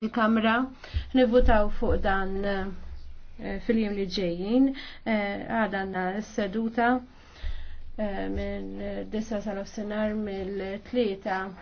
il-Kamra nivvutaw fuq dan eh, fil-jum li ġejjin eh, għadanna s-seduta eh, minn 9 sal-ofsenar mill-3